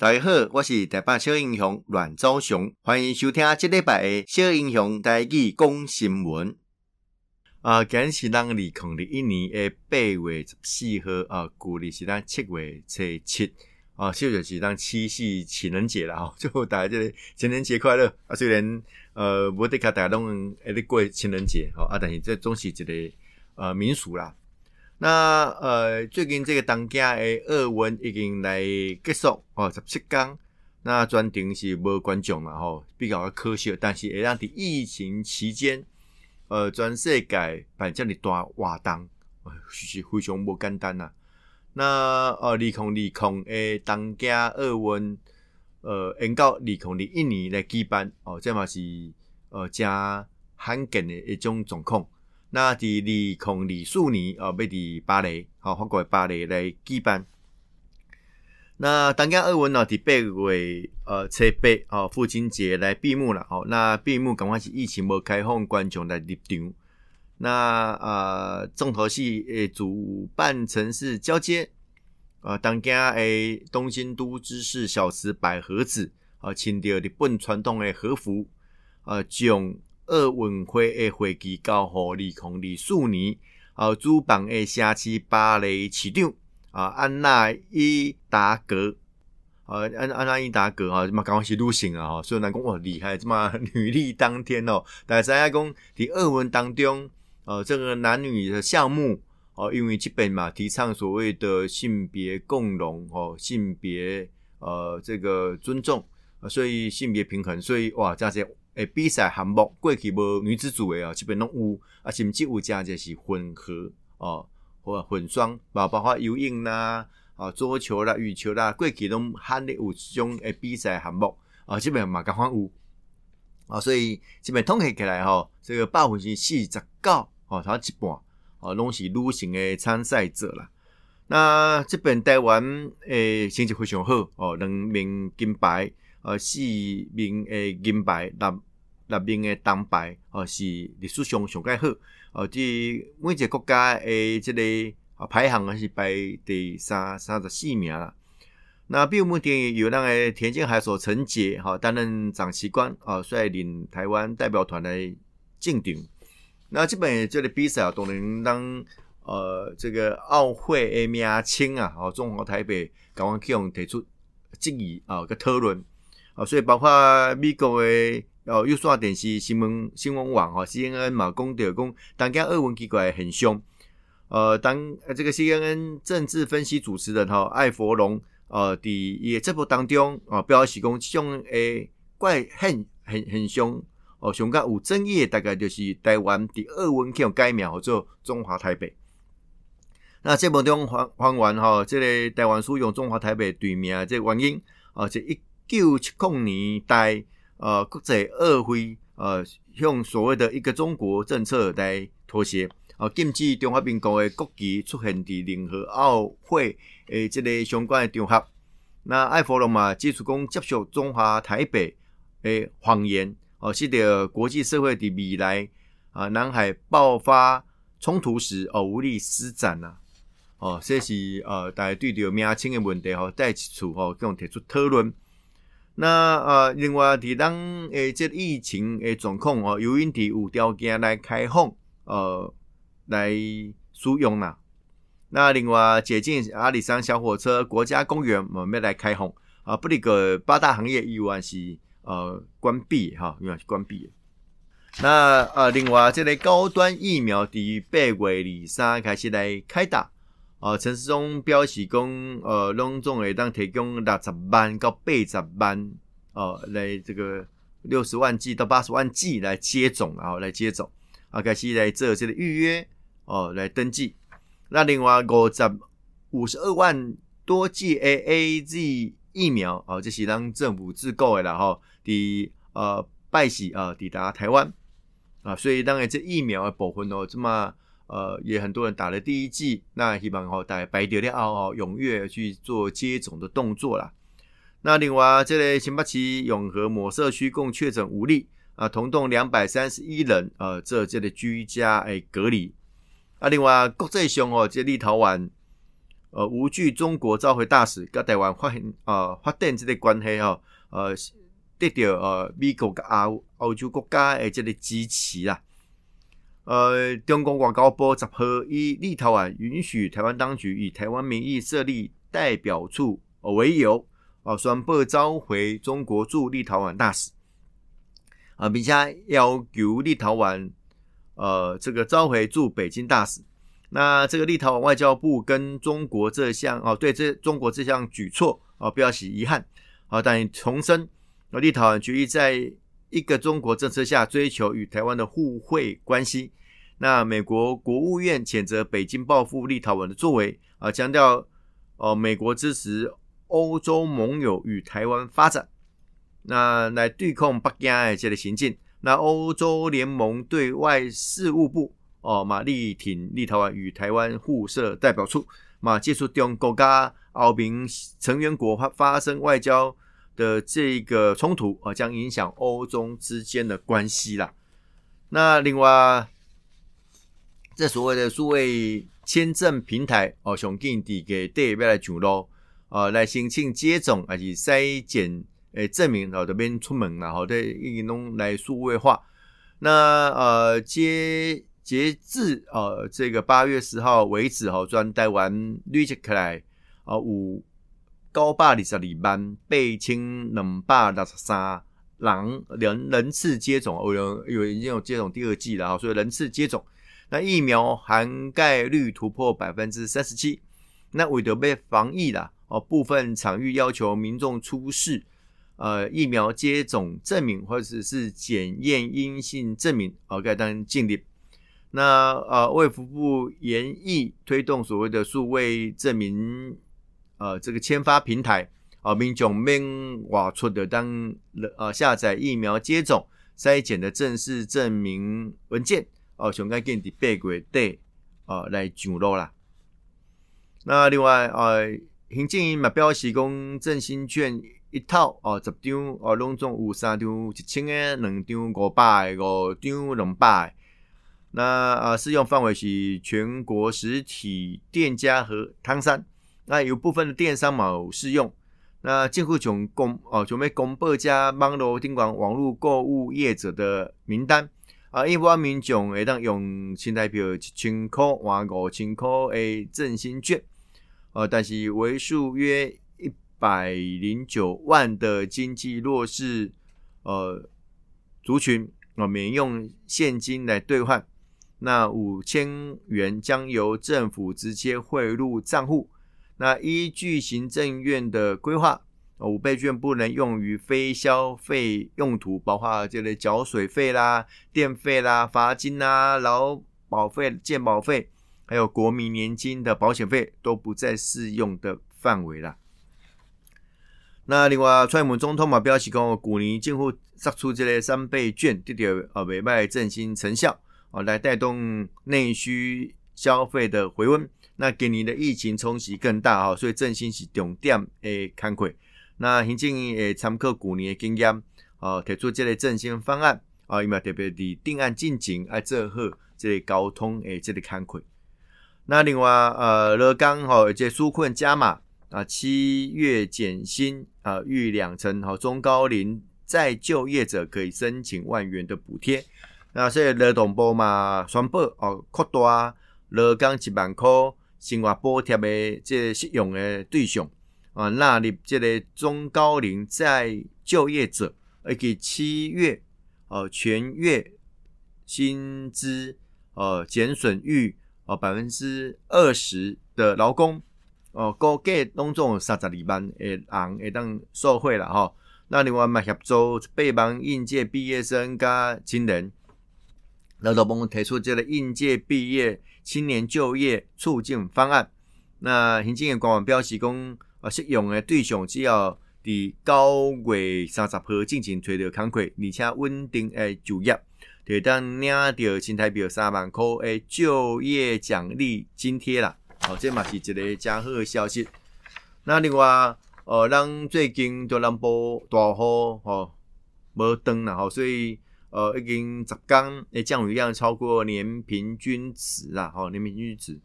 大家好，我是大班小英雄阮昭雄，歡迎收聽這禮拜嘅小英雄大記講新聞。啊、呃，今日是咱二零二一年嘅八月十四號，啊、呃，舊曆是咱七月初七，啊、呃，就就是咱七夕情人節啦，吼，祝大家這個情人節快樂。啊，雖然呃冇得甲大家同一過情人節，吼，啊，但是這總是一個呃民俗啦。那呃，最近這個東京的奧運已經來結束哦，十七剛，那全程是無觀眾嘛吼，比較可惜。但是，誒，咱疫情期間，呃，全世界反正哩大活動是是非常無簡單吶、啊。那呃，二空二空的東京奧運，呃，延到二空二一年來舉辦哦，這嘛是呃加罕見的一種狀況。那佇二零二四年、啊、哦，要佇巴黎，好法國的巴黎來舉辦。那東京奧運哦、啊，佇八月呃七八哦，父親節來閉幕了。好、哦，那閉幕趕快是疫情無開放，觀眾來入場。那啊、呃，重頭戲誒，主辦城市交接啊，東京誒，東京都知事小池百合子啊，穿着日本傳統誒和服啊，將、呃。奧運會的會期剛好離空了數年，啊，主辦誒城市巴黎市長啊，安娜伊達格，啊，安安娜伊達格啊，就嘛搞起都行啊，吼，所以南公哇厲害，這麼女力當天哦，但是咱阿公佇奧運當中，呃、啊，這個男女的項目哦、啊，因為這邊嘛提倡所謂的性別共融哦、啊，性別呃、啊、這個尊重，所以性別平衡，所以哇，這樣子。誒，比賽項目過去無女子組誒，哦，即爿攏有，啊甚至有正就是混合哦，或混雙，包包括游泳啦，哦、啊、桌球啦、羽球啦，過去攏罕的有即種誒比賽項目啊，即爿嘛甲好有啊，所以即爿統計起來吼，即、哦這個百分之四十九吼，差一半吼攏是女性誒參賽者啦。那即爿台灣誒成績非常好吼、哦，兩名金牌。而、呃呃、四名誒金牌，六六名誒銅牌，哦是歷史上上蓋好，哦即每一個國家的即、這個啊排行啊是排第三三十四名。那比如我們有有那個田徑選手陳杰哈擔任掌旗官啊，率、呃、領台灣代表團來進場。那即本即個比賽啊，都能當然呃這個奧會的名稱啊，哦、呃、中華台北敢講提出質疑啊個討論。啊、所以包括美國的哦，有、啊、線電視新聞，新聞網哦，C N N 嘛，講着講，當家奧運奇怪很凶。呃，當這個 C N N 政治分析主持人哈、啊，艾佛龍呃，第節目當中啊，表示講這種誒，怪很很很凶。哦、啊，上加有爭議的大概就是台灣的奧運叫改名叫、啊、做中華台北。那這部中還還完完哈，即個台灣所用中華台北隊名啊，這，個、這個原因啊，這一、個。九七零年代，呃，國際奧會，呃，向所謂的一個中國政策來妥協，哦、啊，禁止中華民國嘅國旗出現佇任何奧會，誒，即個相關嘅場合。那艾弗洛馬繼續講，接受中華台北誒謊言、啊是的啊，哦，使得國際社會佇未來啊，南海爆發衝突時，而無力施展啦、啊。哦、啊，這是，呃，大家對着名稱嘅問題，哦、呃，在此處，哦、呃，共同提出討論。那呃，另外，哋人誒，即疫情誒狀況哦，有因地有條件來開放，呃，來使用啦。那另外，解禁阿里山小火車、國家公園，我們要來開放啊！不離個八大行業，以外是呃關閉哈，以外是關閉。那呃，另外，即個高端疫苗，佇八月二三開始來開打。呃，陳時中表示，講，呃，隆重會當提供六十萬到八十萬，哦、呃，來這個六十萬劑到八十萬劑來接種，然、哦、來接種，啊，開始來做這這預約，哦，來登記。那另外，五十五十二萬多劑 A A Z 疫苗，呃、哦，這是當政府自購的，然後抵呃拜喜啊抵達台灣，啊，所以當然這疫苗的部分哦，這麼。呃，也很多人打了第一劑，那希望、哦、大家白點點哦哦踴躍去做接種的動作啦。那另外，這裡新北市永和某社區共確診五例啊，同棟兩百三十一人啊，呃、這這裡居家誒隔離啊。另外，國際上哦，這個、立陶宛呃無懼中國召回大使，跟台灣發呃，發展這類關係哦，呃得到呃美國跟澳澳洲國家誒這裡支持啊。呃，中共外交部十號，以立陶宛允許台灣當局以台灣名義設立代表處為由，啊，宣布召回中國駐立陶宛大使，啊，並且要求立陶宛，呃、啊、這個召回駐北京大使。那這個立陶宛外交部跟中國這項哦、啊、對這中國這項舉措啊表示遺憾，好、啊、但重申，立陶宛決議在一個中國政策下追求與台灣的互惠關係。那美國國務院譴責北京報復立陶宛的作為，啊，強調，哦，美國支持歐洲盟友與台灣發展，那來對抗北京的這類行徑。那歐洲聯盟對外事務部，哦、啊，嘛，力挺立陶宛與台灣互設代表處，嘛、啊，接觸中國跟歐盟成員國發發生外交的這個衝突，啊，將影響歐中之間的關係啦。那另外。這所謂的數位簽發平台哦，上金地個月底來上路哦，來申請接種還是篩檢誒證明，然後這邊出門然後在伊弄來數位化。那呃，截截至呃、哦，這個八月十號為止吼，專、哦、台灣累計起來哦九百二十二萬，八千兩百六十三，人，人人次接種哦有有已經有接種第二劑了哈、哦，所以人次接種。那疫苗涵蓋率突破百分之三十七。那為了要防疫了，哦，部分場域要求民眾出示呃疫苗接種證明或者是檢驗陰性證明哦，該當禁令。啊、那呃、啊、衛福部研議推動所謂的數位證明呃、啊、這個簽發平台哦、啊，民眾免出門的當呃、啊、下載疫苗接種篩檢的正式證明文件。哦，上個建底八月底哦來上路啦。那另外，呃、哎，行政目標是講振興券一套哦，十張哦，攏總有三張一千個，兩張五百個，五張兩百個。那呃，啊、適用範圍是全國實體店家和攤商。那有部分的電商有適用。那政府總共哦，準備公布加網絡頂，管網絡購物業者的名單。一般民眾會當用新台幣一千塊換五千塊的振興券，呃，但是為數約一百零九萬的經濟弱勢，呃，族群，我、呃、們用現金來兌換，那五千元將由政府直接匯入賬戶，那依據行政院的規劃。哦、五倍券不能用於非消費用途，包括這類繳水費啦、電費啦、罰金啦、勞保費、健保費，還有國民年金的保險費都不在適用的範圍啦。那另外，蔡英文總統嘛，表示講鼓勵政府撒出這類三倍券，對對，呃，買賣振興成效，哦，來帶動內需消費的回溫。那今年的疫情衝擊更大啊、哦，所以振興是重點的工作。那行政也參考去年的經驗，啊、哦，提出這類振興方案，啊、哦，伊嘛特別佇定案進程，哎，做好這類交通，哎，這類工作。那另外，呃，勞工吼，這個紓困加碼，啊，七月減薪，啊，逾兩成，好、哦，中高齡再就業者可以申請萬元的補貼。那所以勞動部嘛，宣布，哦，擴大勞工一萬塊生活補貼的這適用的對象。啊，納入即個中高齡再就業者，以及七月呃全月薪資呃減損逾呃百分之二十的勞工呃估計，攏總有三十二萬會昂會當受惠了哈。那另外嘛，協助被幫應屆畢業生加青年，然後幫我們提出即個應屆畢業青年就業促進方案。那行政院官網表示講。啊，適用的對象只要佇九月三十號之前找到工作，而且穩定誒就業，就當領到新台幣三萬塊誒就業獎勵津貼啦。哦、啊，這嘛是一個真好的消息。那另外，呃，咱最近在南部大雨吼，無、哦、斷啦吼，所以呃，已經十天的降雨量超過年平均值啦，吼、哦，年平均值。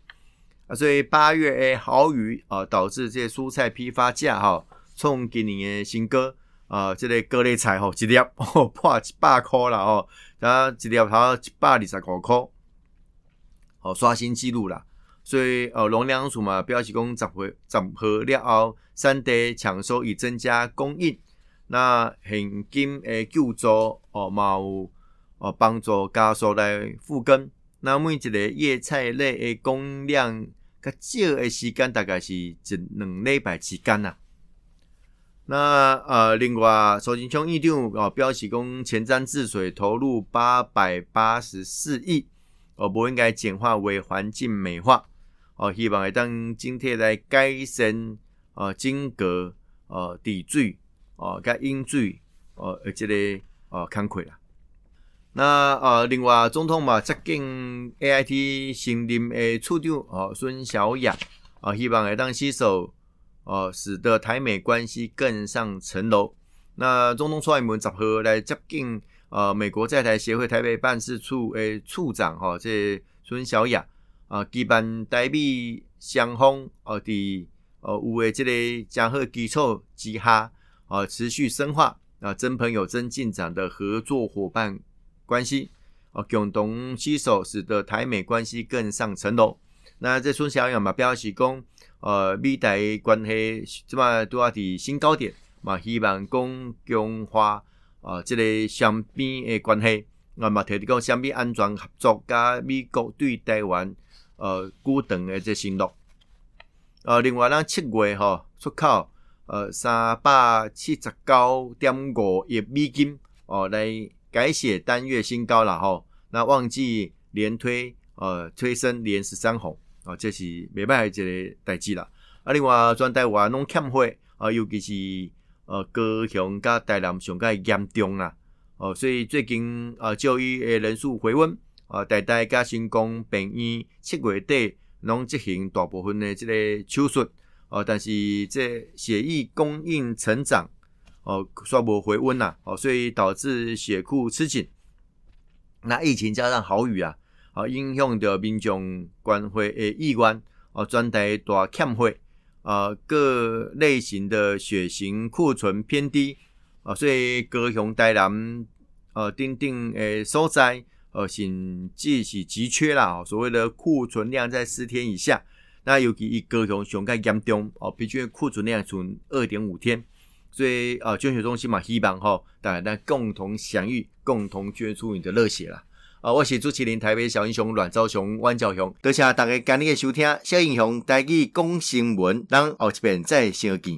啊，所以八月誒豪雨啊、呃，導致這些蔬菜批發價哈，創、哦、今年誒新高啊、呃，這個各類菜吼，一粒吼破一百塊啦哦，啊一粒頭一百二十五塊，哦刷新記錄啦。所以呃農糧署嘛表示講，整合整合了後，產地搶收以增加供應，那現金誒救助哦，有哦幫助加速來復耕。那每一個葉菜類的供量較少的時間，大概是一兩禮拜之間啦。那呃另外，蘇貞昌院長哦，表示講前瞻治水投入八百八十四億，哦、呃、不應該簡化為環境美化哦、呃，希望會當今天來改善哦、呃，金閣哦、呃，地聚哦，加、呃、引水哦，而且嘞哦，慷慨啦。呃那呃、啊，另外，總統嘛，接見 AIT 新任的處長哦，孫、啊、曉雅啊，希望來當攜手，呃、啊、使得台美關係更上層樓。那中東傳媒們集合來接見呃、啊，美國在台協會台北辦事處的處長哈、啊，這孫曉雅啊，基本代幣相逢呃、啊啊、的呃有誒，這個正好基礎結合呃、啊、持續深化啊，真朋友、真進展的合作伙伴。關係，哦、啊、共同攜手，使得台美關係更上層樓。那這孫曉雅嘛表示講，呃，美台關係，即擺拄啊佇新高點嘛，希望講強化啊，即、呃這個雙邊誒關係，啊嘛提一個雙邊安全合作，甲美國對台灣呃固盾誒即承諾。呃，另外咱七月吼出口呃三百七十九點五億美金哦、呃、來。改寫單月新高了吼，那旺季連推呃，推升連十三紅啊，這是沒辦法一個代誌啦。啊，另外全台灣攏欠血啊，尤其是呃高雄加台南上加嚴重啊，哦、呃，所以最近啊就醫誒人數回溫啊，台大加成功病院七月底攏執行大部分的這個手術啊，但是這血液供應成長，哦，刷無回溫吶、啊，哦，所以導致血庫吃緊。那疫情加上豪雨啊，哦、啊，影響的民眾捐血誒意願，哦、啊，全台大缺血。啊，各類型的血型庫存偏低，啊，所以高雄台南，呃、啊，特定誒所在，呃、啊，甚至是急缺啦。啊、所謂的庫存量在四天以下，那尤其伊高雄上加嚴重，哦、啊，平均庫存量存二點五天。最呃、啊，捐血中心嘛，希望吼、哦、大家共同相遇，共同捐出你的熱血啦！啊，我是主持人，台北小英雄阮昭雄、阮昭雄，多謝大家今日的收聽，小英雄台語講新聞，咱後一遍再相見。